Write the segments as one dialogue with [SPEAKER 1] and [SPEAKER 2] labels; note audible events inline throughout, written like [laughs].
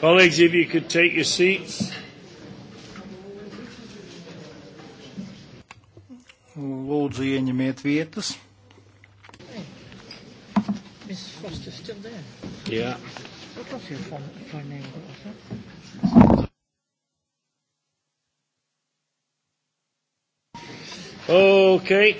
[SPEAKER 1] Colleagues, if you could take your seats. Lūdzu, ieņemiet vietas.
[SPEAKER 2] Miss Foster still there. Yeah. What was your phone name? Okay.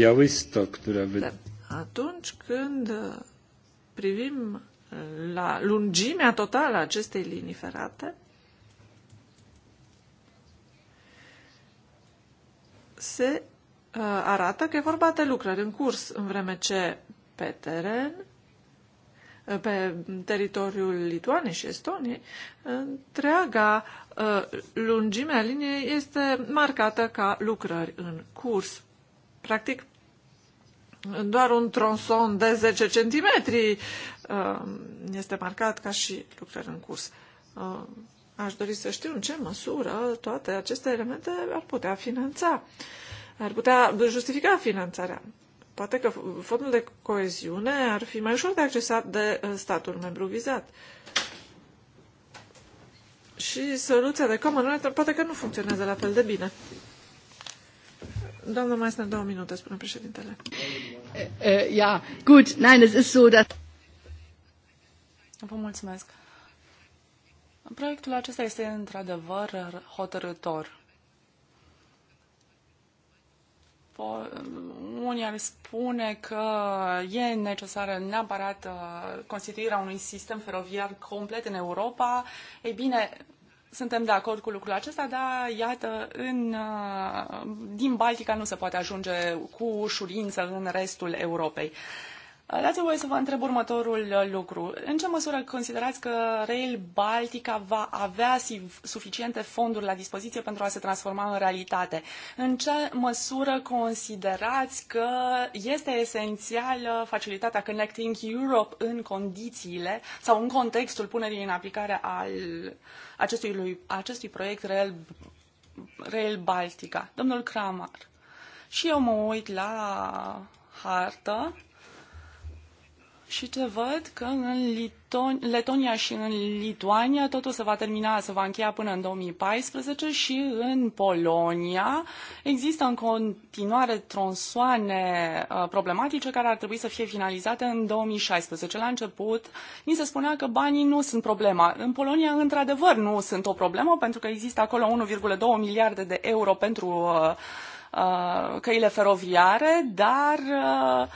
[SPEAKER 2] Białystok,
[SPEAKER 3] która... Wy...
[SPEAKER 2] Atunci când uh, privim uh, la lungimea totală a acestei linii ferate, se uh, arată că e vorba de lucrări în curs, în vreme ce pe teren, uh, pe teritoriul Lituaniei și Estoniei, întreaga uh, liniei este marcată ca lucrări în curs. Practic, doar un tronson de 10 centimetri uh, este marcat ca și lucrări în curs. Uh, aș dori să știu în ce măsură toate aceste elemente ar putea finanța, ar putea justifica finanțarea. Poate că fondul de coeziune ar fi mai ușor de accesat de uh, statul membru vizat. Și soluția de common poate că nu funcționează la fel de bine. Doamna sunt două minute, spune președintele.
[SPEAKER 3] Äh, äh, ja,
[SPEAKER 1] gut, nein, es ist so, dass...
[SPEAKER 3] Vă mulțumesc. Proiectul acesta este într-adevăr hotărător. Unii ar spune că e necesară neapărat uh, constituirea unui sistem feroviar complet în Europa. Ei bine, suntem de acord cu lucrul acesta, dar iată, în, uh, din Baltica nu se poate ajunge cu ușurință în restul Europei. Dați-mi voie să vă întreb următorul uh, lucru. În ce măsură considerați că Rail Baltica va avea suficiente fonduri la dispoziție pentru a se transforma în realitate? În ce măsură considerați că este esențială facilitatea Connecting Europe în condițiile sau în contextul punerii în aplicare al acestui, acestui proiect Rail, Rail Baltica? Domnul Kramer. Și eu mă uit la hartă și te văd că în Liton- Letonia și în Lituania totul se va termina, se va încheia până în 2014 și în Polonia există în continuare tronsoane uh, problematice care ar trebui să fie finalizate în 2016. La început ni se spunea că banii nu sunt problema. În Polonia, într-adevăr, nu sunt o problemă pentru că există acolo 1,2 miliarde de euro pentru uh, uh, căile feroviare, dar uh,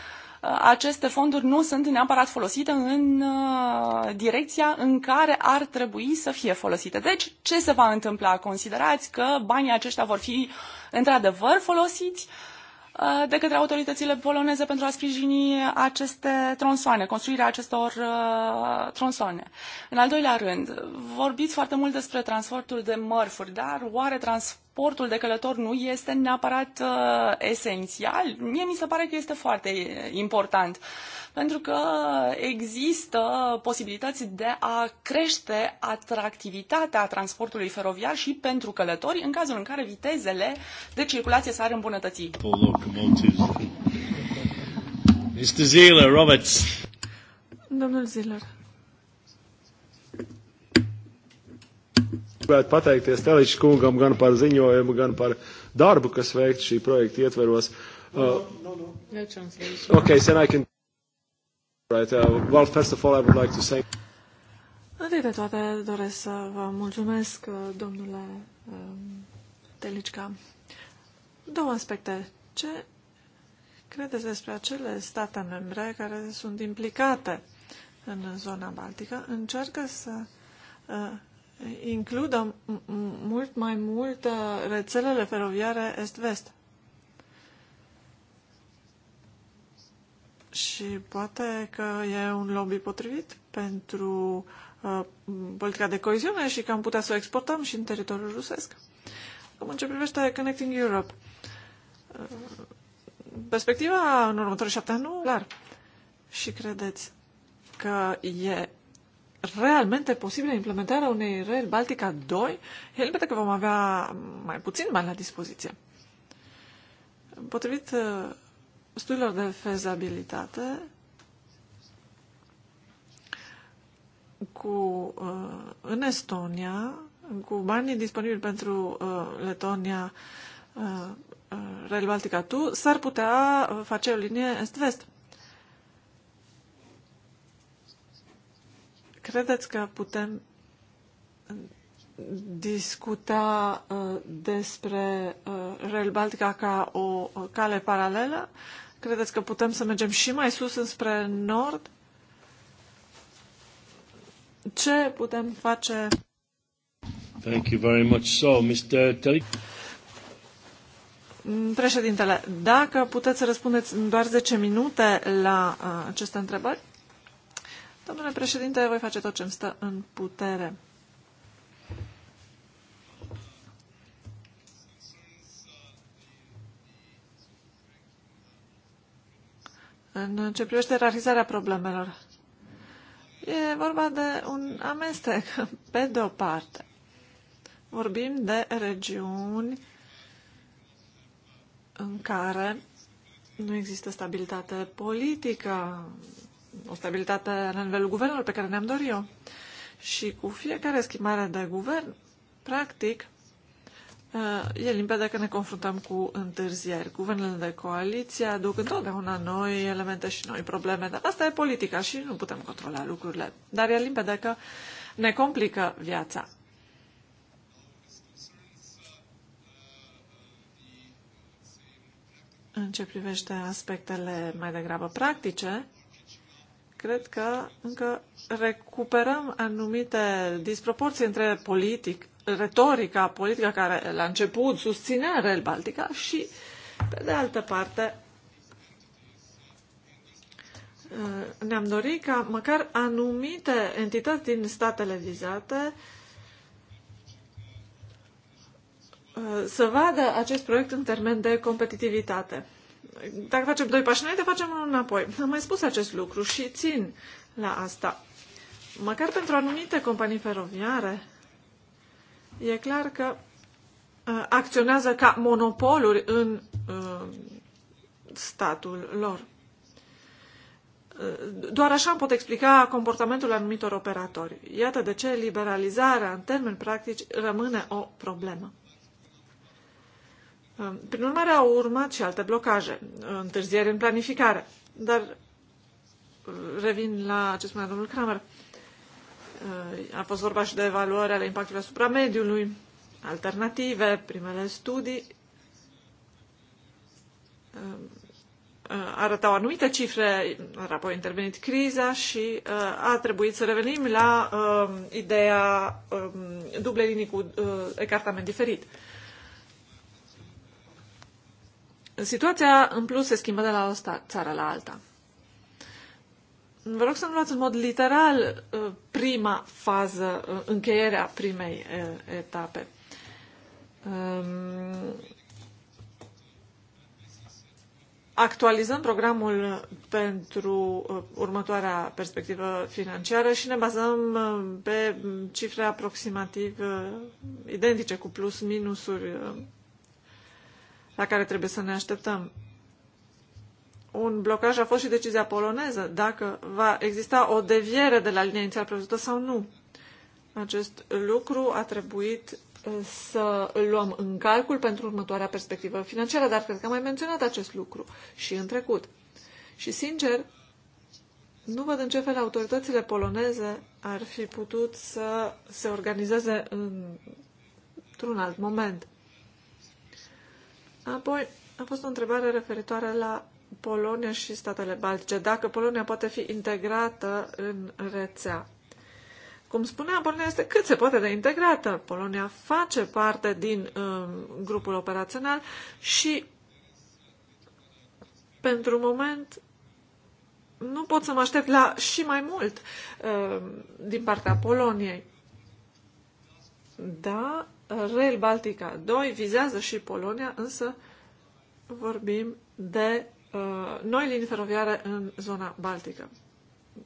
[SPEAKER 3] aceste fonduri nu sunt neapărat folosite în uh, direcția în care ar trebui să fie folosite. Deci, ce se va întâmpla? Considerați că banii aceștia vor fi într-adevăr folosiți uh, Uh, de către autoritățile poloneze pentru a sprijini aceste tronsoane, construirea acestor uh, tronsoane. În al doilea rând, vorbiți foarte mult despre transportul de mărfuri, dar oare transportul de călător nu este neapărat uh, esențial? Mie mi se pare că este foarte important. Uh, pentru că există posibilități de a crește atractivitatea transportului feroviar și pentru călători în cazul în care vitezele de circulație s-ar îmbunătăți.
[SPEAKER 1] Mr. Zeller, Roberts.
[SPEAKER 3] Domnul Zeller.
[SPEAKER 1] gribētu pateikties Teliča kungam gan par ziņojumu, gan par darbu, kas veikt šī projekta ietveros. Uh, no, no,
[SPEAKER 3] no. Okay, can...
[SPEAKER 1] Right, uh, well, first of all, I would like to say...
[SPEAKER 2] Întâi de toate doresc să vă mulțumesc, uh, domnule um, Telicca. Două aspecte. Ce credeți despre acele state membre care sunt implicate în zona baltică? Încearcă să uh, includă mult mai mult uh, rețelele feroviare est-vest. Și poate că e un lobby potrivit pentru uh, politica de coeziune și că am putea să o exportăm și în teritoriul rusesc. Cum în ce privește Connecting Europe, uh, perspectiva în următorii șapte ani nu clar. Și credeți că e realmente posibilă implementarea unei rail Baltica 2? E limpede că vom avea mai puțin bani la dispoziție. Potrivit uh, studiilor de fezabilitate cu, uh, în Estonia, cu banii disponibili pentru uh, Letonia, uh, Rail Baltica 2, s-ar putea face o linie est-vest. Credeți că putem discuta uh, despre uh, Rail Baltica ca o cale paralelă? Credeți că putem să mergem și mai sus înspre nord? Ce putem face?
[SPEAKER 1] Thank you very much. So, Mr. Telic...
[SPEAKER 2] Mm, președintele, dacă puteți să răspundeți în doar 10 minute la uh, aceste întrebări, domnule președinte, voi face tot ce îmi stă în putere. în ce privește ierarhizarea problemelor. E vorba de un amestec. [laughs] Pe de o parte, vorbim de regiuni în care nu există stabilitate politică, o stabilitate la nivelul guvernului pe care ne-am dorit eu. Și cu fiecare schimbare de guvern, practic, Uh, e limpede că ne confruntăm cu întârzieri. Guvernele de coaliție aduc întotdeauna noi elemente și noi probleme, dar asta e politica și nu putem controla lucrurile. Dar e limpede că ne complică viața. În ce privește aspectele mai degrabă practice, cred că încă recuperăm anumite disproporții între politic retorica politică care la început susținea Rel Baltica și, pe de altă parte, uh, ne-am dorit ca măcar anumite entități din statele vizate uh, să vadă acest proiect în termen de competitivitate. Dacă facem doi pași înainte, facem unul înapoi. Am mai spus acest lucru și țin la asta. Măcar pentru anumite companii feroviare, E clar că uh, acționează ca monopoluri în uh, statul lor. Uh, doar așa pot explica comportamentul anumitor operatori. Iată de ce liberalizarea în termeni practici rămâne o problemă. Uh, prin urmare, au urmat și alte blocaje, uh, întârzieri în planificare. Dar revin la ce spunea domnul Kramer. Uh, a fost vorba și de evaluări ale impactului asupra mediului, alternative, primele studii uh, uh, arătau anumite cifre, apoi a intervenit criza și a trebuit să revenim la ideea um, dublei linii cu ecartament diferit. Situația, în plus, se schimbă de la o stat, țară la alta. Vă rog să nu luați în mod literal uh, prima fază, uh, încheierea primei uh, etape. Um, actualizăm programul pentru următoarea perspectivă financiară și ne bazăm pe cifre aproximativ identice cu plus minusuri la care trebuie să ne așteptăm un blocaj a fost și decizia poloneză, dacă va exista o deviere de la linia inițial prevăzută sau nu. Acest lucru a trebuit să îl luăm în calcul pentru următoarea perspectivă financiară, dar cred că am mai menționat acest lucru și în trecut. Și, sincer, nu văd în ce fel autoritățile poloneze ar fi putut să se organizeze într-un alt moment. Apoi, a fost o întrebare referitoare la Polonia și statele baltice, dacă Polonia poate fi integrată în rețea. Cum spuneam, Polonia este cât se poate de integrată. Polonia face parte din um, grupul operațional și pentru moment nu pot să mă aștept la și mai mult um, din partea Poloniei. Da, Rail Baltica 2 vizează și Polonia, însă vorbim de Uh, noi linii feroviare în zona Baltică.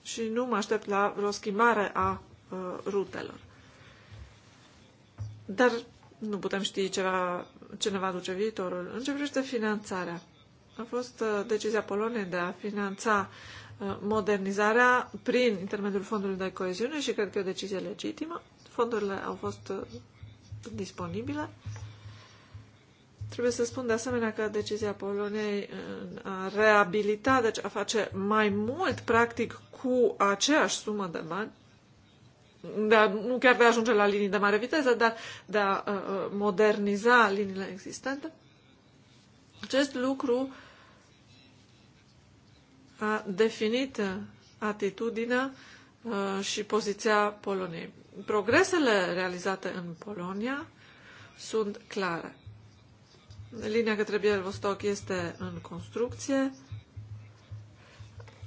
[SPEAKER 2] Și nu mă aștept la vreo schimbare a uh, rutelor. Dar nu putem ști ce, va, ce ne va duce viitorul. În ce privește finanțarea? A fost uh, decizia Poloniei de a finanța uh, modernizarea prin intermediul fondului de coeziune și cred că e o decizie legitimă. Fondurile au fost uh, disponibile. Uh, Trebuie să spun de asemenea că decizia Poloniei în a reabilita, deci a face mai mult practic cu aceeași sumă de bani, de a, nu chiar de a ajunge la linii de mare viteză, dar de a uh, uh moderniza liniile existente, acest lucru a definit atitudinea uh, și poziția Poloniei. Progresele realizate în Polonia sunt clare. Linia către Bielvostok este în construcție.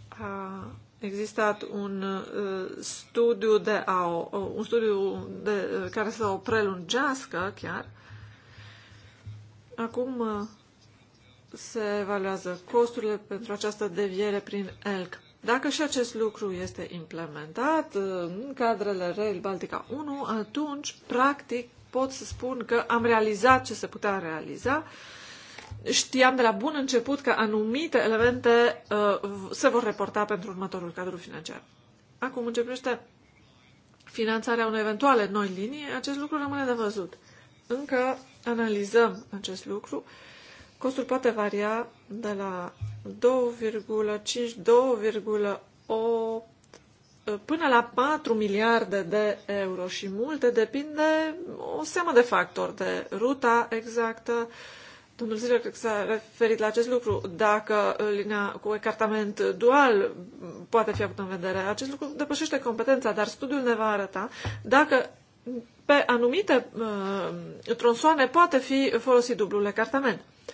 [SPEAKER 2] A existat un uh, studiu de a o, un studiu de, uh, care să o prelungească chiar. Acum uh, se evaluează costurile pentru această deviere prin ELC. Dacă și acest lucru este implementat în cadrele Rail Baltica 1, atunci, practic, pot să spun că am realizat ce se putea realiza. Știam de la bun început că anumite elemente uh, se vor reporta pentru următorul cadru financiar. Acum începește finanțarea unei eventuale noi linii, acest lucru rămâne de văzut. Încă analizăm acest lucru. Costul poate varia de la 2,5-2,8 Uh, până la 4 miliarde de euro și multe depinde o seamă de factori, de ruta exactă. Domnul Zile cred că s-a referit la acest lucru. Dacă uh, linia cu ecartament dual poate fi avut în vedere, acest lucru depășește competența, dar studiul ne va arăta dacă pe anumite uh, tronsoane poate fi folosit dublul ecartament. Uh,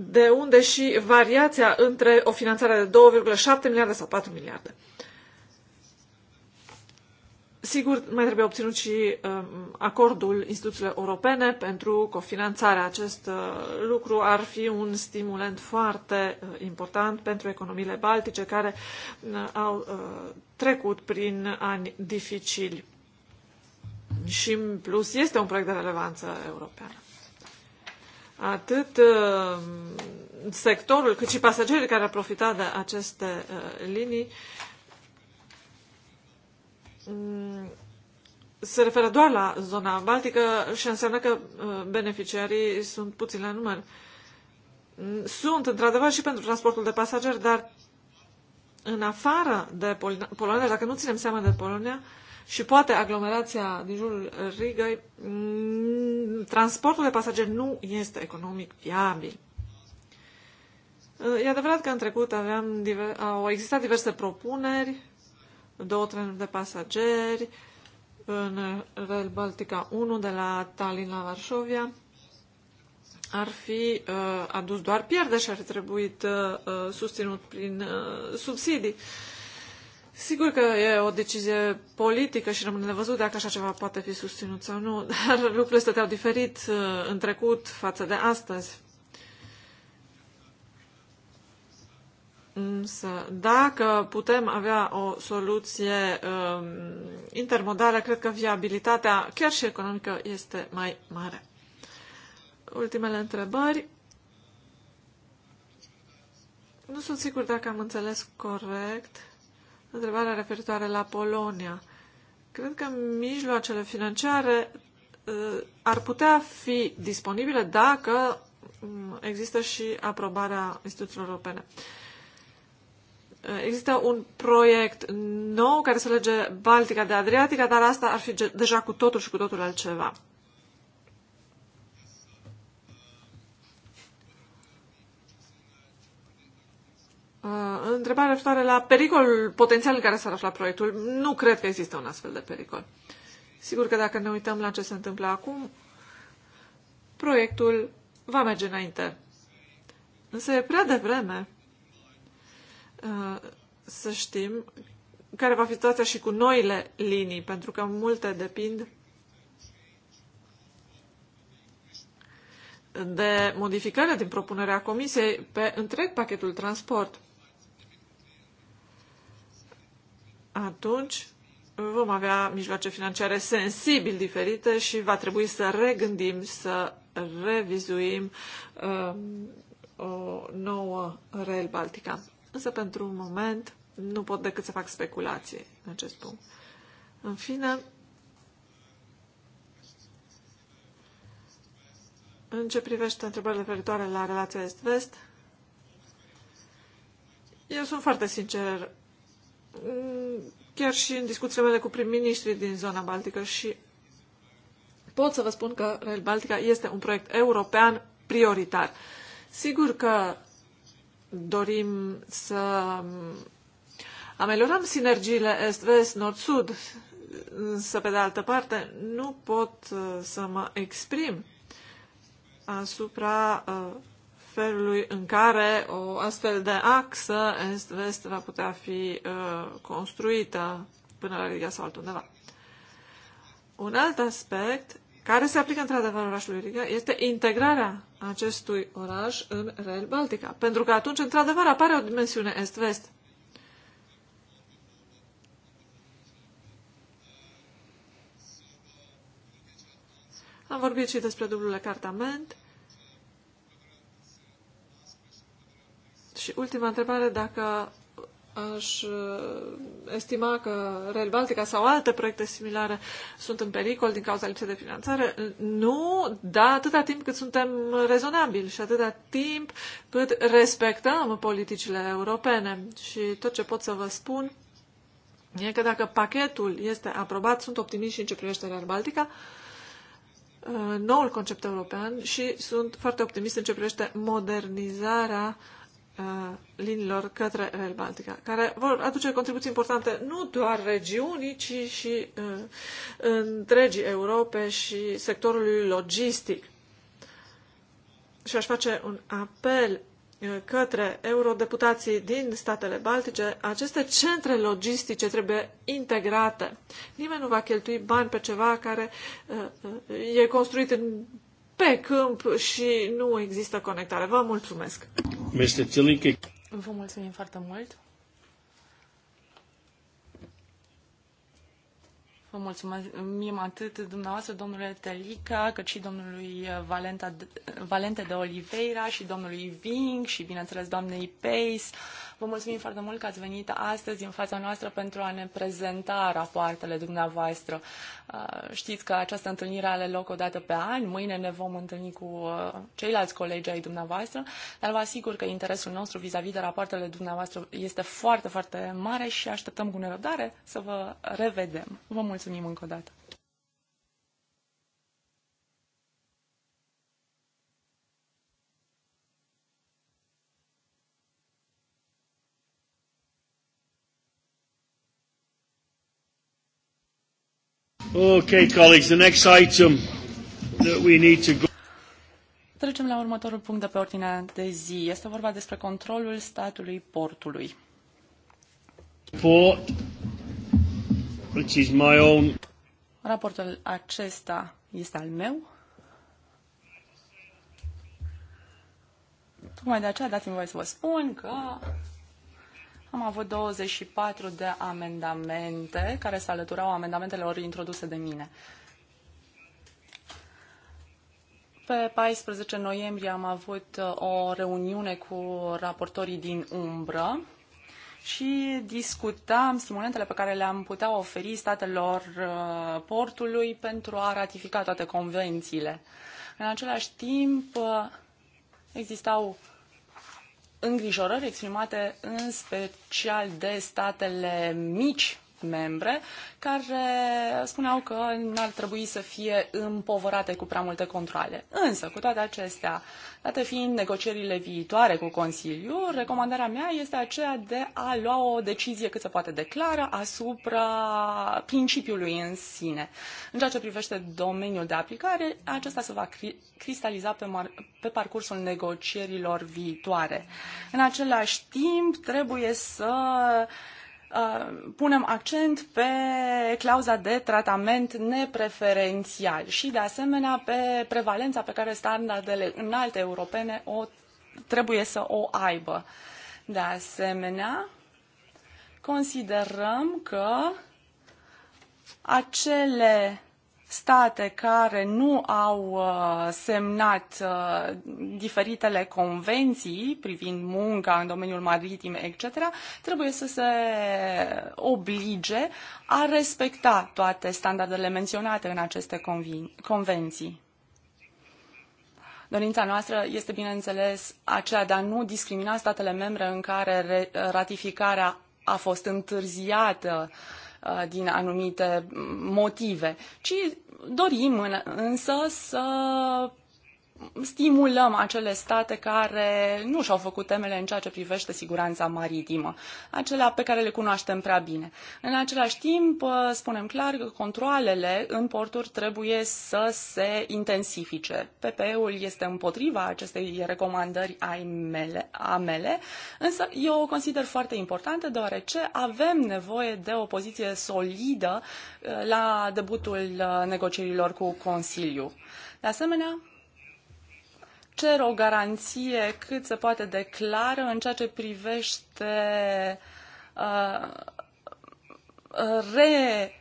[SPEAKER 2] de unde și variația între o finanțare de 2,7 miliarde sau 4 miliarde. Sigur, mai trebuie obținut și um, acordul instituțiilor europene pentru cofinanțarea. Acest uh, lucru ar fi un stimulant foarte uh, important pentru economiile baltice care uh, au uh, trecut prin ani dificili. Și, în plus, este un proiect de relevanță europeană atât uh, sectorul cât și pasagerii care au profitat de aceste uh, linii mm, se referă doar la zona baltică și înseamnă că uh, beneficiarii sunt puțin la număr. Mm, sunt, într-adevăr, și pentru transportul de pasageri, dar în afară de Pol Polonia, dacă nu ținem seama de Polonia, uh, și poate aglomerația din jurul Rigăi, mm, transportul de pasageri nu este economic viabil. E adevărat că în trecut aveam, au existat diverse propuneri, două trenuri de pasageri, în Rail Baltica 1 de la Tallinn la Varșovia, ar fi uh, adus doar pierde și ar fi trebuit uh, uh susținut prin uh, subsidii. Uh, Sigur că e o decizie politică și rămâne de văzut dacă așa ceva poate fi susținut sau nu, [laughs] dar lucrurile stăteau diferit uh, în trecut față de astăzi. Însă, dacă putem avea o soluție um, intermodală, cred că viabilitatea, chiar și economică, este mai mare. Ultimele întrebări. Nu sunt sigur dacă am înțeles corect întrebarea referitoare la Polonia. Cred că mijloacele financiare uh, ar putea fi disponibile dacă mm, există și aprobarea instituțiilor europene. Există un proiect nou care se lege Baltica de Adriatica, dar asta ar fi deja cu totul și cu totul altceva. Uh, întrebare referitoare la pericolul potențial în care s-ar afla proiectul. Nu cred că există un astfel de pericol. Sigur că dacă ne uităm la ce se întâmplă acum, proiectul va merge înainte. Însă e prea devreme uh, să știm care va fi situația și cu noile linii, pentru că multe depind de modificarea din propunerea Comisiei pe întreg pachetul transport. atunci vom avea mijloace financiare sensibil diferite și va trebui să regândim, să revizuim um, o nouă rail Baltica. Însă, pentru un moment, nu pot decât să fac speculații în acest punct. În fine, în ce privește întrebările referitoare la relația Est-Vest, eu sunt foarte sincer Mm, chiar și în discuțiile mele cu prim-ministrii din zona Baltică și pot să vă spun că Rail Baltica este un proiect european prioritar. Sigur că dorim să ameliorăm sinergiile est-vest, nord-sud, însă, pe de altă parte, nu pot uh, să mă exprim asupra uh, felului în care o astfel de axă est-vest va putea fi uh, construită până la Riga sau altundeva. Un alt aspect care se aplică într-adevăr orașului Riga este integrarea acestui oraș în Rail Baltica, pentru că atunci într-adevăr apare o dimensiune est-vest. Am vorbit și despre dublul cartament Și ultima întrebare, dacă aș uh, estima că Rail Baltica sau alte proiecte similare sunt în pericol din cauza lipsei de finanțare. Nu, dar atâta timp cât suntem rezonabili și atâta timp cât respectăm politicile europene. Și tot ce pot să vă spun e că dacă pachetul este aprobat, sunt optimiști și în ce privește Rail Baltica, uh, noul concept european și sunt foarte optimist în ce privește modernizarea linilor către Rail Baltica, care vor aduce contribuții importante nu doar regiunii, ci și întregii Europe și sectorului logistic. Și aș face un apel către eurodeputații din statele baltice, aceste centre logistice trebuie integrate. Nimeni nu va cheltui bani pe ceva care e construit în pe câmp și nu există conectare. Vă mulțumesc!
[SPEAKER 3] Vă mulțumim foarte mult! Vă mulțumim atât dumneavoastră, domnule Telica, cât și domnului uh, Valenta, Valente de Oliveira și domnului Ving și, bineînțeles, doamnei Pace Vă mulțumim foarte mult că ați venit astăzi în fața noastră pentru a ne prezenta rapoartele dumneavoastră. Uh, știți că această întâlnire are loc o dată pe an, mâine ne vom întâlni cu uh, ceilalți colegi ai dumneavoastră, dar vă asigur că interesul nostru vis-a-vis -vis de rapoartele dumneavoastră este foarte, foarte mare și așteptăm cu nerăbdare să vă revedem. Vă mulțumim încă o dată.
[SPEAKER 1] Okay, colleagues, the next item that we need to go...
[SPEAKER 3] Trecem la următorul punct de pe ordinea de zi. Este vorba despre controlul statului portului.
[SPEAKER 1] Port, which is my own.
[SPEAKER 3] Raportul acesta este al meu. Tocmai de aceea dați-mi voie să vă spun că am avut 24 de amendamente care se alăturau amendamentelor introduse de mine. Pe 14 noiembrie am avut uh, o reuniune cu raportorii din umbră și discutam stimulentele pe care le-am putea oferi statelor uh, portului pentru a ratifica toate convențiile. În același timp, uh, existau îngrijorări exprimate în special de statele mici membre care spuneau că n-ar trebui să fie împovărate cu prea multe controle. Însă, cu toate acestea, date fiind negocierile viitoare cu Consiliu, recomandarea mea este aceea de a lua o decizie cât se poate de clară asupra principiului în sine. În ceea ce privește domeniul de aplicare, acesta se va cristaliza pe, pe parcursul negocierilor viitoare. În același timp, trebuie să Uh, punem accent pe clauza de tratament nepreferențial și, de asemenea, pe prevalența pe care standardele înalte europene o, trebuie să o aibă. De asemenea, considerăm că acele state care nu au uh, semnat uh, diferitele convenții privind munca în domeniul maritim, etc., trebuie să se oblige a respecta toate standardele menționate în aceste convenții. Dorința noastră este, bineînțeles, aceea de a nu discrimina statele membre în care ratificarea a fost întârziată uh, Uh, din anumite motive, ci dorim însă să stimulăm acele state care nu și-au făcut temele în ceea ce privește siguranța maritimă, acelea pe care le cunoaștem prea bine. În același timp, uh, spunem clar că controlele în porturi trebuie să se intensifice. PPE-ul este împotriva acestei recomandări a mele, a mele, însă eu o consider foarte importantă deoarece avem nevoie de o poziție solidă uh, la debutul uh, negocierilor cu Consiliu. De asemenea, cer o garanție cât se poate de clară în ceea ce privește uh, re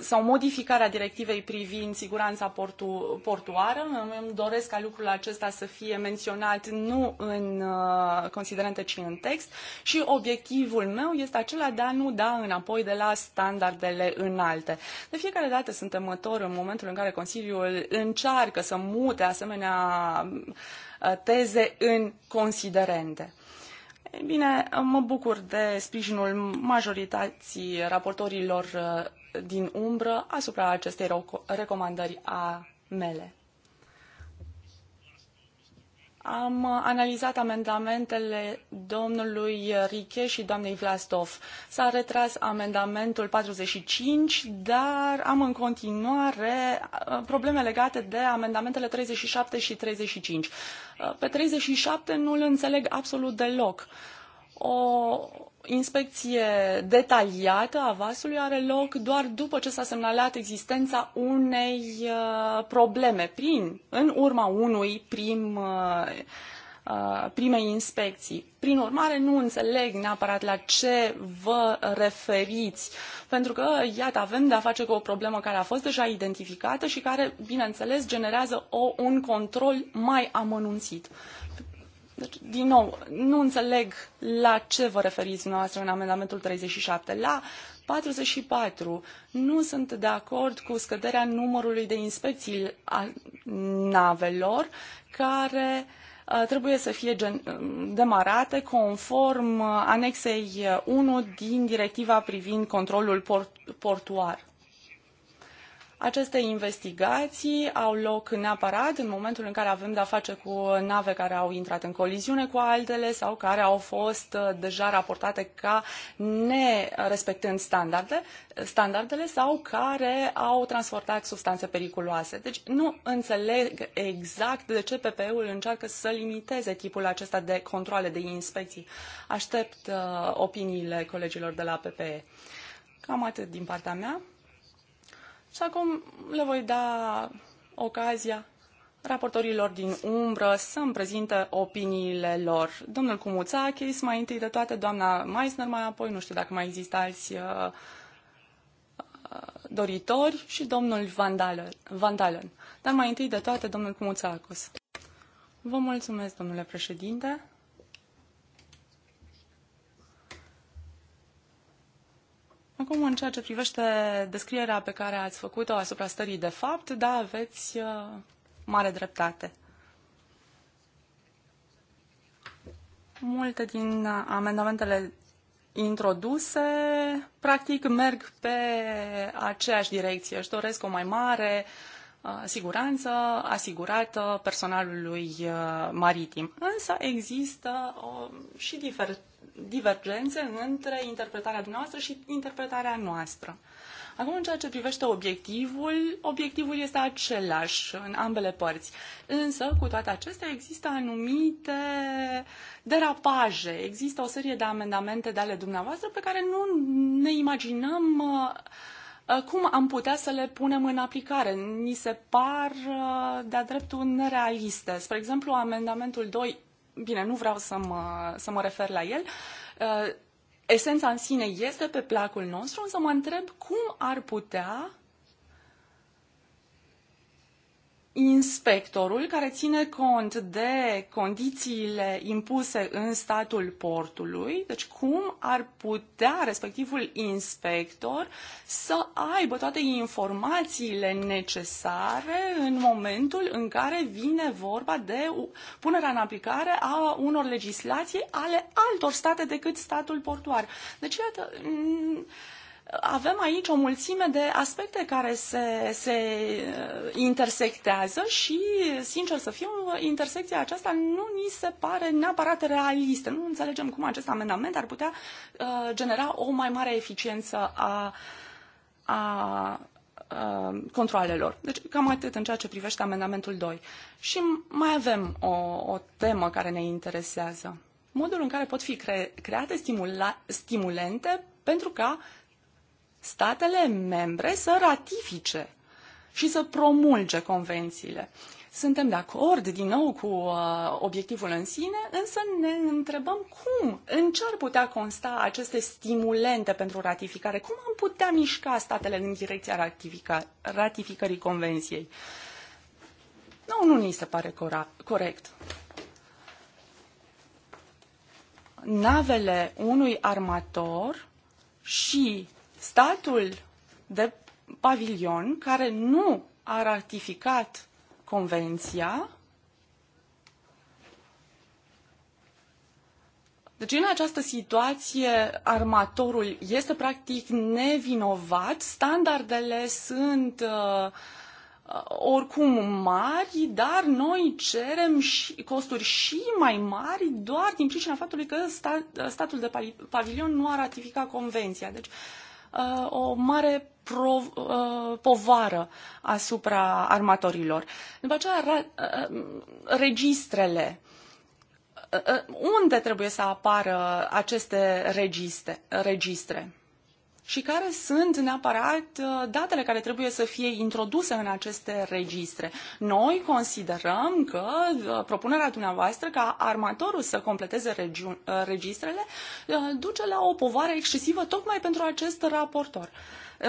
[SPEAKER 3] sau modificarea directivei privind siguranța portu- portuară. Îmi doresc ca lucrul acesta să fie menționat nu în uh, considerente, ci în text și obiectivul meu este acela de a nu da înapoi de la standardele înalte. De fiecare dată sunt temător în momentul în care Consiliul încearcă să mute asemenea uh, teze în considerente. bine, mă bucur de sprijinul majorității raportorilor uh, din umbră asupra acestei recomandări a mele. Am analizat amendamentele domnului Riche și doamnei Vlastov. S-a retras amendamentul 45, dar am în continuare uh, probleme legate de amendamentele 37 și 35. Uh, pe 37 nu îl înțeleg absolut deloc. O, inspecție detaliată a vasului are loc doar după ce s-a semnalat existența unei uh, probleme prin, în urma unui prim uh, uh, primei inspecții. Prin urmare, nu înțeleg neapărat la ce vă referiți, pentru că, iată, avem de-a face cu o problemă care a fost deja identificată și care, bineînțeles, generează o, un control mai amănunțit. Deci, din nou, nu înțeleg la ce vă referiți noastră în amendamentul 37. La 44 nu sunt de acord cu scăderea numărului de inspecții a navelor care uh, trebuie să fie uh, demarate conform uh, anexei 1 din directiva privind controlul port portuar. Aceste investigații au loc neapărat în momentul în care avem de-a face cu nave care au intrat în coliziune cu altele sau care au fost uh, deja raportate ca nerespectând standarde, standardele sau care au transportat substanțe periculoase. Deci nu înțeleg exact de ce PPE-ul încearcă să limiteze tipul acesta de controle, de inspecții. Aștept uh, opiniile colegilor de la PPE. Cam atât din partea mea. Și acum le voi da ocazia raportorilor din umbră să-mi prezinte opiniile lor. Domnul Cumuțachis, mai întâi de toate doamna Meisner, mai apoi nu știu dacă mai există alți uh, uh, doritori și domnul Vandalen. Dar mai întâi de toate domnul Cumuțacos. Vă mulțumesc, domnule președinte. Acum, în ceea ce privește descrierea pe care ați făcut-o asupra stării de fapt, da, aveți uh, mare dreptate. Multe din amendamentele introduse, practic, merg pe aceeași direcție. Își doresc o mai mare uh, Uh, siguranță asigurată personalului uh, maritim. Însă există uh, și difer, divergențe între interpretarea noastră și interpretarea noastră. Acum, în ceea ce privește obiectivul, obiectivul este același în ambele părți. Însă, cu toate acestea, există anumite derapaje, există o serie de amendamente de ale dumneavoastră pe care nu ne imaginăm uh, Uh, cum am putea să le punem în aplicare? Ni se par uh, de-a dreptul nerealiste. Spre exemplu, amendamentul 2, bine, nu vreau să mă, să mă refer la el, uh, esența în sine este pe placul nostru, însă mă întreb cum ar putea inspectorul care ține cont de condițiile impuse în statul portului, deci cum ar putea respectivul inspector să aibă toate informațiile necesare în momentul în care vine vorba de punerea în aplicare a unor legislații ale altor state decât statul portuar. Deci, iată, avem aici o mulțime de aspecte care se, se uh, intersectează și, sincer să fiu, intersecția aceasta nu ni se pare neapărat realistă. Nu înțelegem cum acest amendament ar putea uh, genera o mai mare eficiență a, a uh, controalelor. Deci cam atât în ceea ce privește amendamentul 2. Și mai avem o, o temă care ne interesează. Modul în care pot fi cre- create stimula- stimulente pentru ca statele membre să ratifice și să promulge convențiile. Suntem de acord din nou cu uh, obiectivul în sine, însă ne întrebăm cum, în ce ar putea consta aceste stimulente pentru ratificare, cum am putea mișca statele în direcția ratifica, ratificării convenției. Nu, nu ni se pare corect. Navele unui armator și statul de pavilion care nu a ratificat convenția Deci în această situație armatorul este practic nevinovat, standardele sunt uh, oricum mari, dar noi cerem și costuri și mai mari doar din pricina faptului că statul de pavilion nu a ratificat convenția. Deci uh, o mare uh, povară asupra armatorilor. După aceea, ra, uh, registrele. Uh, uh unde trebuie să apară aceste registe, registre? și care sunt neapărat uh, datele care trebuie să fie introduse în aceste registre. Noi considerăm că uh, propunerea dumneavoastră ca armatorul să completeze uh, registrele duce la o povară excesivă tocmai pentru acest raportor,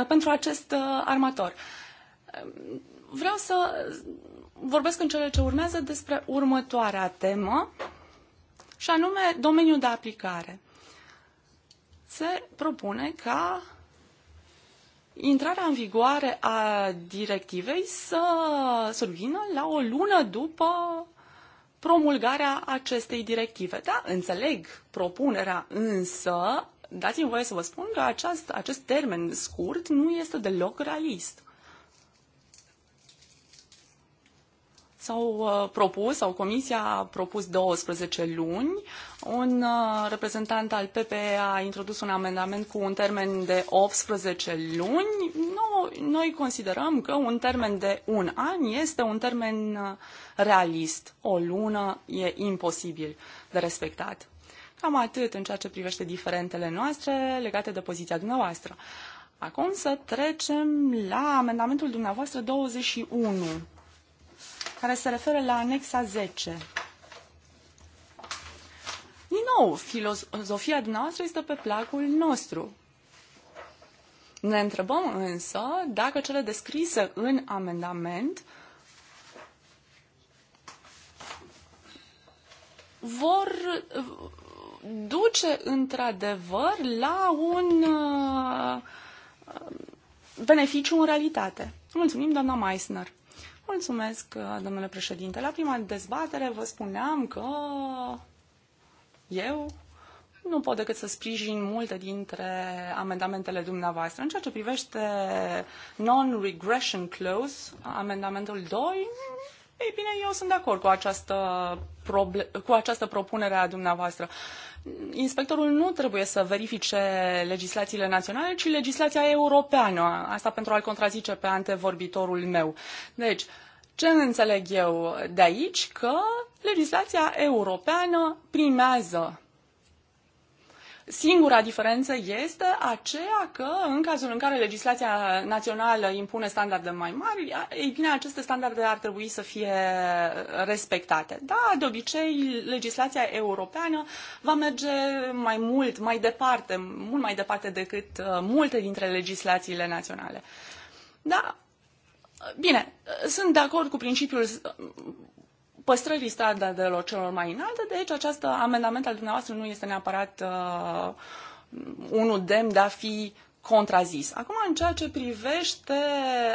[SPEAKER 3] pentru acest armator. Vreau să vorbesc în cele ce urmează despre următoarea temă, și anume domeniul de aplicare se propune ca intrarea în vigoare a directivei să, să vină la o lună după promulgarea acestei directive. Da, înțeleg propunerea, însă dați-mi voie să vă spun că acest, acest termen scurt nu este deloc realist. S-au uh, propus, sau Comisia a propus 12 luni. Un uh, reprezentant al PPE a introdus un amendament cu un termen de 18 luni. Noi, considerăm că un termen de un an este un termen uh, realist. O lună e imposibil de respectat. Cam atât în ceea ce privește diferentele noastre legate de poziția dumneavoastră. Acum să trecem la amendamentul dumneavoastră 21 care se referă la anexa 10. Din nou, filozofia noastră este pe placul nostru. Ne întrebăm însă dacă cele descrise în amendament vor duce într-adevăr la un uh, beneficiu în realitate. Mulțumim, doamna Meissner. Mulțumesc, domnule președinte. La prima dezbatere vă spuneam că eu nu pot decât să sprijin multe dintre amendamentele dumneavoastră. În ceea ce privește non-regression clause, amendamentul 2, ei bine, eu sunt de acord cu această cu această propunere a dumneavoastră. Inspectorul nu trebuie să verifice legislațiile naționale, ci legislația europeană. Asta pentru a-l contrazice pe antevorbitorul meu. Deci, ce înțeleg eu de aici? Că legislația europeană primează Singura diferență este aceea că, în cazul în care legislația națională impune standarde mai mari, ei bine, aceste standarde ar trebui să fie respectate. Da, de obicei, legislația europeană va merge mai mult, mai departe, mult mai departe decât uh, multe dintre legislațiile naționale. Da, Bine, sunt de acord cu principiul păstrării standardelor celor mai înalte, deci acest amendament al dumneavoastră nu este neapărat uh, unul demn de a fi contrazis. Acum, în ceea ce privește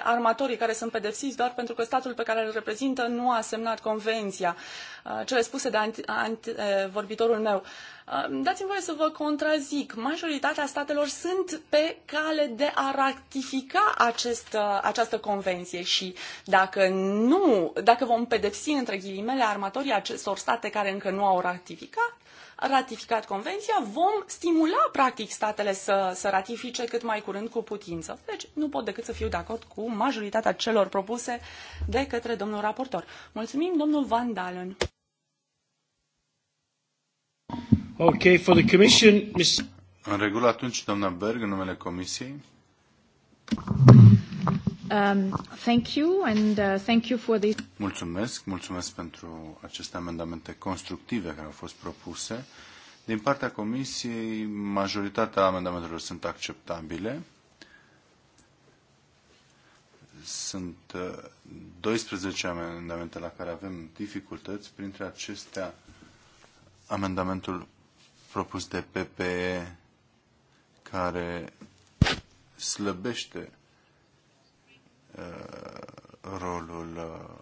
[SPEAKER 3] armatorii care sunt pedepsiți doar pentru că statul pe care îl reprezintă nu a semnat convenția, uh, cele spuse de anti, anti, uh, vorbitorul meu, uh, dați-mi voie să vă contrazic. Majoritatea statelor sunt pe cale de a ratifica acest, această convenție și dacă nu, dacă vom pedepsi între ghilimele armatorii acestor state care încă nu au ratificat, ratificat convenția, vom stimula practic statele să, să ratifice cât mai curând cu putință. Deci nu pot decât să fiu de acord cu majoritatea celor propuse de către domnul raportor. Mulțumim, domnul Van Dalen.
[SPEAKER 2] Ok,
[SPEAKER 1] for the commission, În regulă atunci, doamna Berg, în numele comisiei.
[SPEAKER 3] Um, thank you and uh, thank you for this.
[SPEAKER 1] Mulțumesc, mulțumesc pentru aceste amendamente constructive care au fost propuse. Din partea Comisiei, majoritatea amendamentelor sunt acceptabile. Sunt 12 uh, amendamente la care avem dificultăți. Printre acestea, amendamentul propus de PPE care slăbește Uh, rolul uh,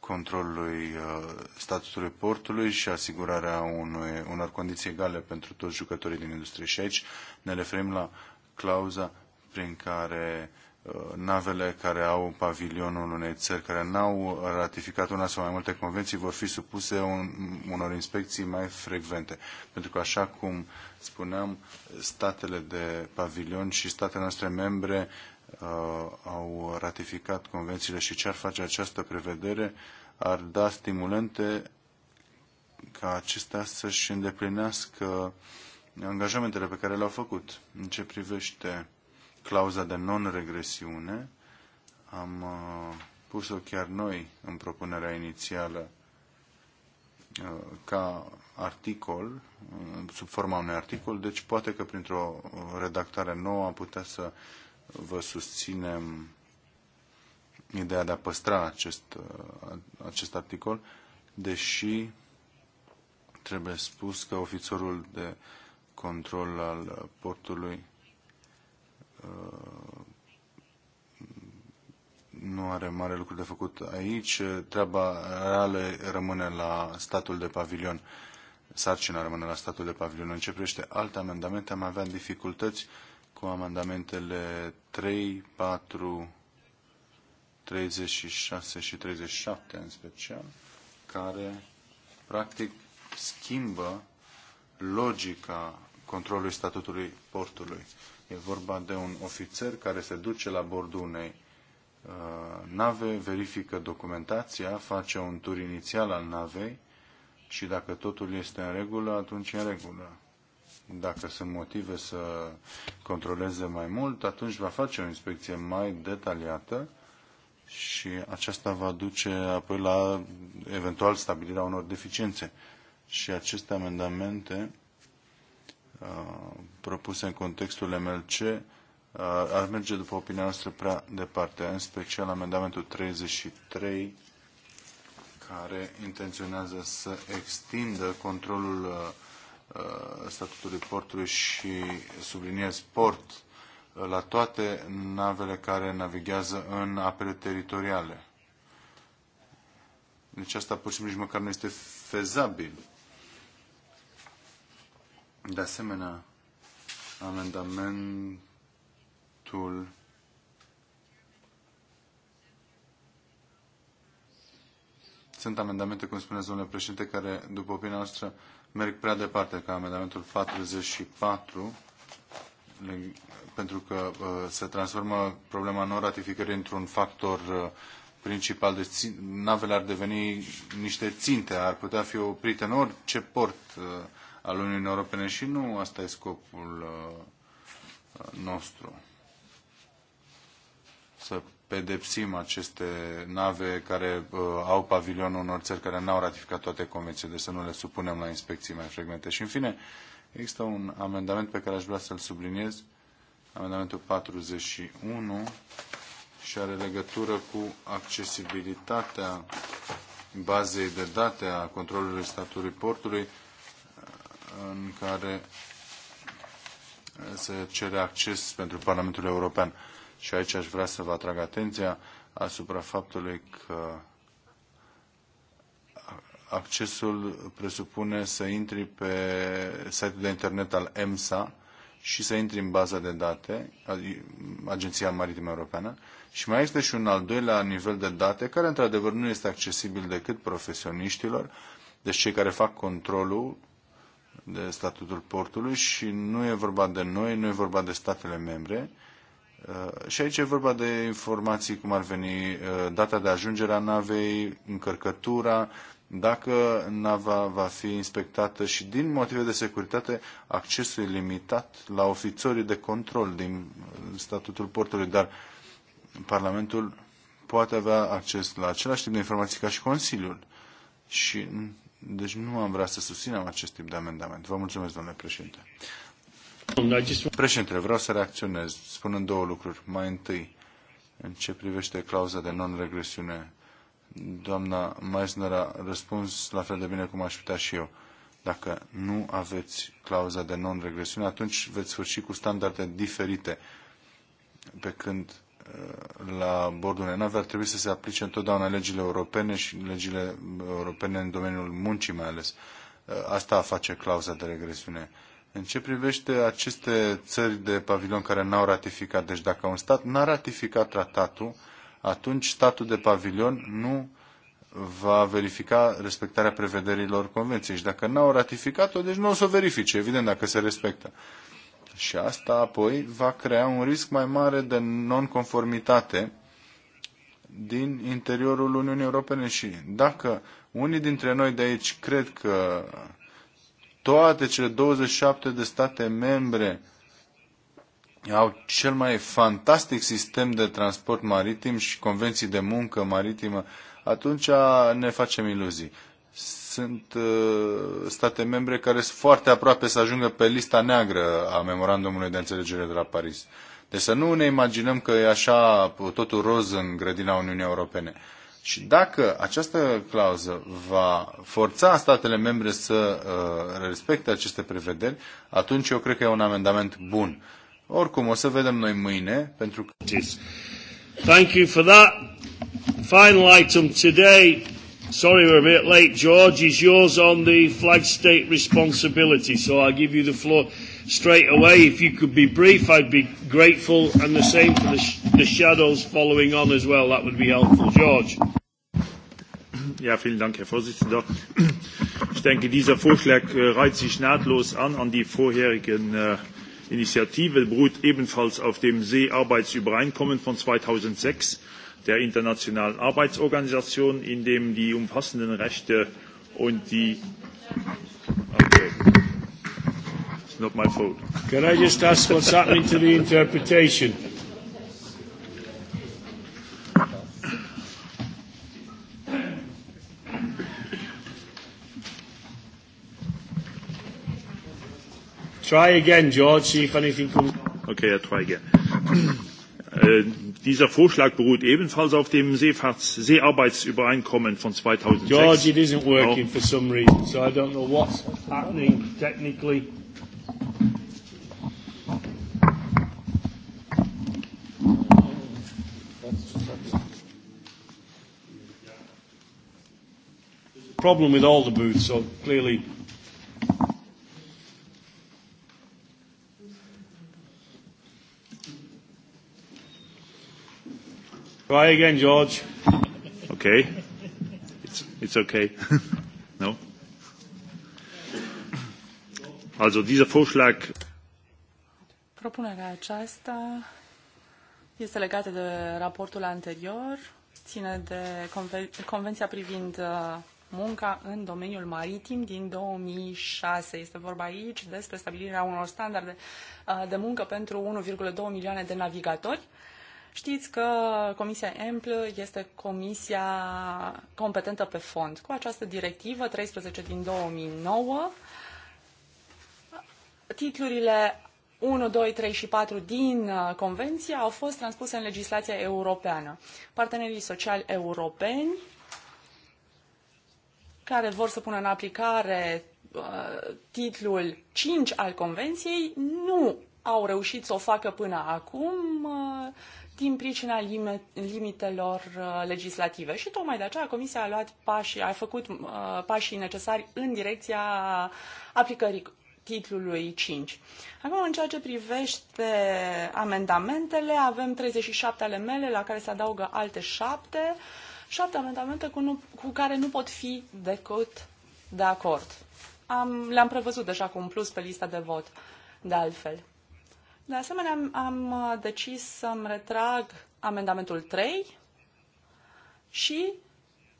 [SPEAKER 1] controlului uh, statutului portului și asigurarea unui, unor condiții egale pentru toți jucătorii din industrie. Și aici ne referim la clauza prin care navele care au pavilionul unei țări care n-au ratificat una sau mai multe convenții vor fi supuse un, unor inspecții mai frecvente. Pentru că, așa cum spuneam, statele de pavilion și statele noastre membre Uh, au ratificat convențiile și ce ar face această prevedere ar da stimulente ca acestea să-și îndeplinească angajamentele pe care le-au făcut. În ce privește clauza de non-regresiune, am uh, pus-o chiar noi în propunerea inițială uh, ca articol, sub forma unui articol, deci poate că printr-o redactare nouă am putea să vă susținem ideea de a păstra acest, uh, acest articol, deși trebuie spus că ofițerul de control al portului uh, nu are mare lucru de făcut aici. Treaba reală rămâne la statul de pavilion. Sarcina rămâne la statul de pavilion. Începește alte amendamente, am avea dificultăți uh, cu amendamentele 3, 4, 36 și 37 în special, care practic schimbă logica controlului statutului portului. E vorba de un ofițer care se duce la bordul unei uh, nave, verifică documentația, face un tur inițial al navei și dacă totul este în regulă, atunci e în regulă. Dacă sunt motive să controleze mai mult, atunci va face o inspecție mai detaliată și aceasta va duce apoi la eventual stabilirea unor deficiențe. Și aceste amendamente uh, propuse în contextul MLC uh, ar merge, după opinia noastră, prea departe, în special amendamentul 33, care intenționează să extindă controlul uh, Uh, statutului portului și subliniez port uh, la toate navele care navighează în apele teritoriale. Deci asta pur și simplu nici măcar nu este fezabil. De asemenea, amendamentul Sunt amendamente, cum spuneți, domnule președinte, care, după opinia noastră, uh, merg prea departe ca amendamentul 44 pentru că uh, se transformă problema non-ratificării într-un factor uh, principal. Deci navele ar deveni niște ținte, ar putea fi oprite în orice port uh, al Uniunii Europene și nu asta e scopul nostru. Să pedepsim aceste nave care uh, au pavilionul unor țări care n-au ratificat toate convențiile, deci să nu le supunem la inspecții mai frecvente. Și în fine, există un amendament pe care aș vrea să-l subliniez, amendamentul 41, și are legătură cu accesibilitatea bazei de date a controlului statului portului, uh, în care se cere acces pentru Parlamentul European și aici aș vrea să vă atrag atenția asupra faptului că accesul presupune să intri pe site-ul de internet al EMSA și să intri în baza de date, Agenția Maritimă Europeană, și mai este și un al doilea nivel de date, care într-adevăr nu este accesibil decât profesioniștilor, deci cei care fac controlul de statutul portului și nu e vorba de noi, nu e vorba de statele membre, Uh, și aici e vorba de informații cum ar veni uh, data de ajungere a navei, încărcătura, dacă nava va fi inspectată și din motive de securitate accesul e limitat la ofițorii de control din uh, statutul portului, dar Parlamentul poate avea acces la același tip de informații ca și Consiliul. Și deci nu am vrea să susținem acest tip de amendament. Vă mulțumesc, domnule președinte. Președinte, vreau să reacționez spunând două lucruri. Mai întâi, în ce privește clauza de non-regresiune, doamna Meisner a răspuns la fel de bine cum aș putea și eu. Dacă nu aveți clauza de non-regresiune, atunci veți sfârși cu standarde diferite. Pe când uh, la bordul nave ar trebui să se aplice întotdeauna legile europene și legile uh, europene în domeniul muncii mai ales. Uh, asta face clauza de regresiune în ce privește aceste țări de pavilion care n-au ratificat, deci dacă un stat n-a ratificat tratatul, atunci statul de pavilion nu va verifica respectarea prevederilor convenției. Și dacă n-au ratificat-o, deci nu o să o verifice, evident, dacă se respectă. Și asta apoi va crea un risc mai mare de nonconformitate din interiorul Uniunii Europene și dacă unii dintre noi de aici cred că toate cele 27 de state membre au cel mai fantastic sistem de transport maritim și convenții de muncă maritimă, atunci ne facem iluzii. Sunt uh, state membre care sunt foarte aproape să ajungă pe lista neagră a memorandumului de înțelegere de la Paris. Deci să nu ne imaginăm că e așa totul roz în grădina Uniunii Europene. Uh, și dacă această clauză va forța statele membre să uh, respecte aceste prevederi, atunci eu cred că e un amendament bun. Oricum, o să vedem noi mâine, pentru că... Thank you for that. Final item today, sorry we're a bit late, George, is yours on the flag state responsibility.
[SPEAKER 2] So I'll give you the floor straight away. If you could be brief, I'd be grateful, and the same
[SPEAKER 1] for the, sh- the shadows following on as well. That would be helpful, George. Ja, vielen Dank, Herr Vorsitzender. Ich denke, dieser Vorschlag äh, reiht sich nahtlos an an die vorherigen äh, Initiativen, beruht ebenfalls auf dem Seearbeitsübereinkommen von 2006 der Internationalen Arbeitsorganisation, in dem die umfassenden Rechte und die okay not my fault. Can I just ask what's happening to the interpretation? Try again, George, see if anything comes. Okay, I try again. [clears throat] Äh, dieser Vorschlag beruht ebenfalls auf dem Seefahrts Seearbeitsübereinkommen von 2006. George,
[SPEAKER 3] it isn't working for some reason, so I don't know what's happening technically. problem with all the booths, so clearly.
[SPEAKER 1] Try again, George. Okay. It's, it's okay. [laughs] no? Also dieser Vorschlag.
[SPEAKER 3] Propunerea aceasta este legată de raportul anterior, ține de conven- convenția privind uh, munca în domeniul maritim din 2006. Este vorba aici despre stabilirea unor standarde uh, de muncă pentru 1,2 milioane de navigatori. Știți că Comisia Ample este comisia competentă pe fond. Cu această directivă 13 din 2009, titlurile 1, 2, 3 și 4 din uh, convenție au fost transpuse în legislația europeană. Partenerii sociali europeni care vor să pună în aplicare uh, titlul 5 al Convenției nu au reușit să o facă până acum uh, din pricina limitelor uh, legislative. Și tocmai de aceea Comisia a luat pași, a făcut pașii necesari în direcția aplicării titlului 5. Acum, în ceea ce privește amendamentele, avem 37 ale mele, la care se adaugă alte 7. Uh, șapte amendamente cu, nu, cu care nu pot fi decât de acord. Am, le-am prevăzut deja cu un plus pe lista de vot, de altfel. De asemenea, am, am uh, decis să-mi retrag amendamentul 3 și,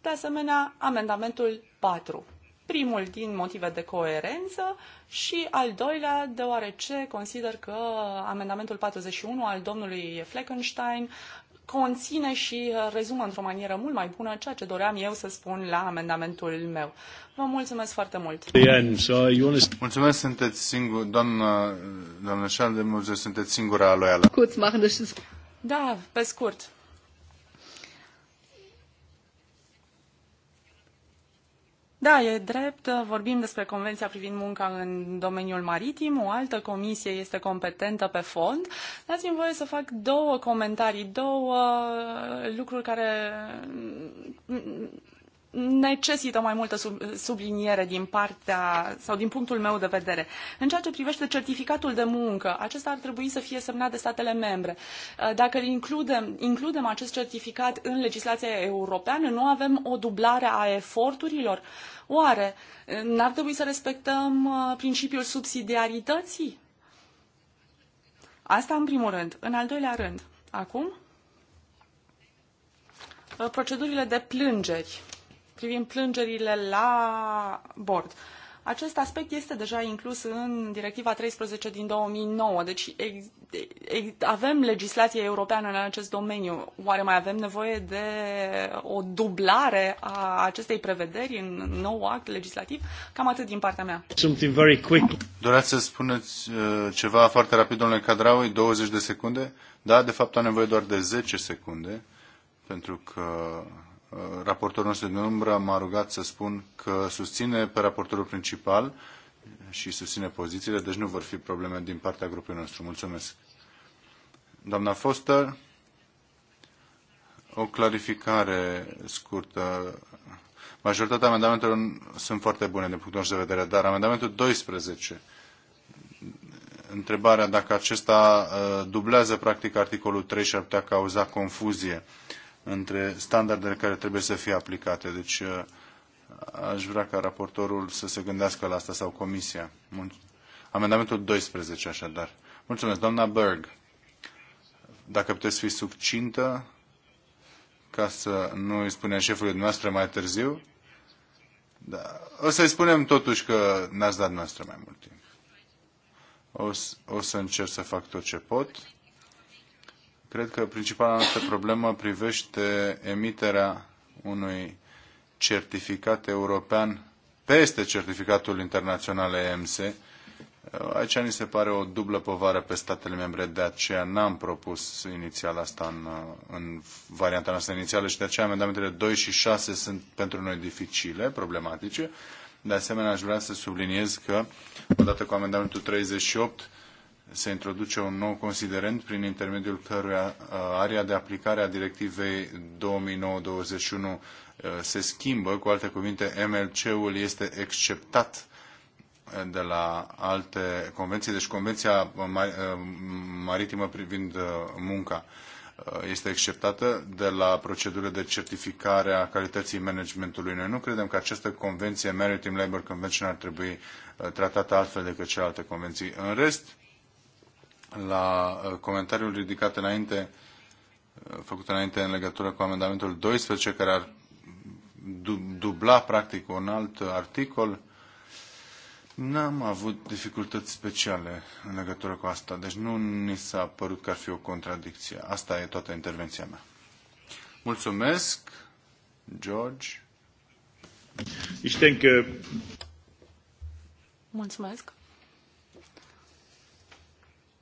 [SPEAKER 3] de asemenea, amendamentul 4. Primul din motive de coerență și al doilea deoarece consider că amendamentul 41 al domnului Fleckenstein conține și uh, rezumă într-o manieră mult mai bună ceea ce doream eu să spun la amendamentul meu. Vă mulțumesc foarte mult.
[SPEAKER 1] Mulțumesc, sunteți singur, doamna, doamna mulțumesc, sunteți singura loială.
[SPEAKER 3] Da, pe scurt. Da, e drept, vorbim despre Convenția privind munca în domeniul maritim, o altă comisie este competentă pe fond. Dați-mi voie să fac două comentarii, două uh, lucruri care necesită mai multă sub, subliniere din partea sau din punctul meu de vedere. În ceea ce privește certificatul de muncă, acesta ar trebui să fie semnat de statele membre. Uh, dacă includem, includem acest certificat în legislația europeană, nu avem o dublare a eforturilor. Oare uh, n-ar trebui să respectăm uh, principiul subsidiarității? Asta în primul rând. În al doilea rând, acum, procedurile de plângeri privind plângerile la bord. Acest aspect este deja inclus în Directiva 13 din 2009, deci ex, ex, avem legislație europeană în acest domeniu. Oare mai avem nevoie de o dublare a acestei prevederi în nou act legislativ? Cam atât din partea mea.
[SPEAKER 1] Something very quick. Doreați să spuneți uh, ceva foarte rapid, domnule Cadraui, 20 de secunde? Da, de fapt am nevoie doar de 10 secunde, pentru că Uh, raportorul nostru de umbră m-a rugat să spun că susține pe raportorul principal și susține pozițiile, deci nu vor fi probleme din partea grupului nostru. Mulțumesc. Doamna Foster, o clarificare scurtă. Majoritatea amendamentelor sunt foarte bune din punctul nostru de vedere, dar amendamentul 12, întrebarea dacă acesta uh, dublează practic articolul 3 și ar putea cauza confuzie. Uh, între standardele care trebuie să fie aplicate. Deci uh, aș vrea ca raportorul să se gândească la asta sau comisia. Amendamentul 12, așadar. Mulțumesc, doamna Berg. Dacă puteți fi subcintă, ca să nu îi spunem șefului dumneavoastră mai târziu, da. o să-i spunem totuși că n-ați dat noastră mai mult timp. O să, o să încerc să fac tot ce pot. Cred că principala noastră problemă privește emiterea unui certificat european peste certificatul internațional EMS. Aici ni se pare o dublă povară pe statele membre, de aceea n-am propus inițial asta în, în varianta noastră inițială și de aceea amendamentele 2 și 6 sunt pentru noi dificile, problematice. De asemenea, aș vrea să subliniez că, odată cu amendamentul 38, se introduce un nou considerent prin intermediul căruia uh, area de aplicare a directivei 2009-21 uh, se schimbă. Cu alte cuvinte, MLC-ul este exceptat uh, de la alte convenții, deci Convenția Maritimă privind munca este exceptată de la procedurile de certificare a calității managementului. Noi nu credem că această convenție, Maritime Labour Convention, ar trebui tratată altfel decât celelalte convenții. În rest, la uh, comentariul ridicat înainte, uh, făcut înainte în legătură cu amendamentul 12, care ar dubla practic un alt articol, n-am avut dificultăți speciale în legătură cu asta. Deci nu ni s-a părut că ar fi o contradicție. Asta e toată intervenția mea. Mulțumesc, George. Ich denke...
[SPEAKER 3] Mulțumesc.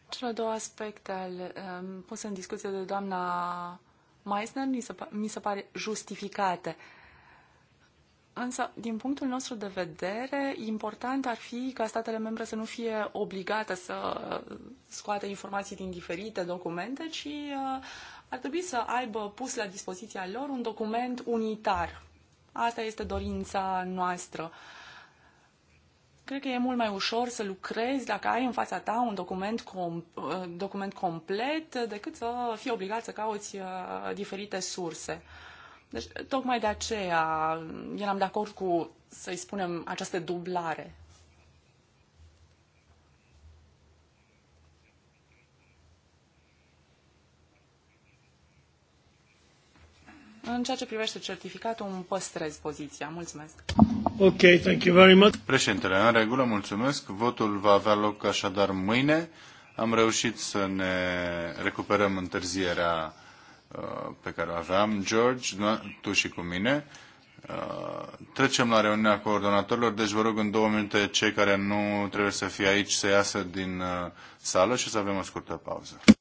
[SPEAKER 3] Cele două aspecte um, puse în discuție de doamna Meissner mi se, mi se pare justificate. Însă, din punctul nostru de vedere, important ar fi ca statele membre să nu fie obligate să scoată informații din diferite documente, ci uh, ar trebui să aibă pus la dispoziția lor un document unitar. Asta este dorința noastră. Uh, Cred că e mult mai ușor să lucrezi dacă ai în fața ta un document, com- uh, document complet decât să fii obligat să cauți uh, diferite surse. Deci, tocmai de aceea uh, eram de acord cu, să-i spunem, această dublare În ceea ce privește certificatul, îmi păstrez poziția. Mulțumesc.
[SPEAKER 1] Ok, thank you very much. Președintele, în regulă, mulțumesc. Votul va avea loc așadar mâine. Am reușit să ne recuperăm întârzierea uh, pe care o aveam, George, tu și cu mine. Uh, trecem la reuniunea coordonatorilor, deci vă rog în două minute cei care nu trebuie să fie aici să iasă din uh, sală și să avem o scurtă pauză.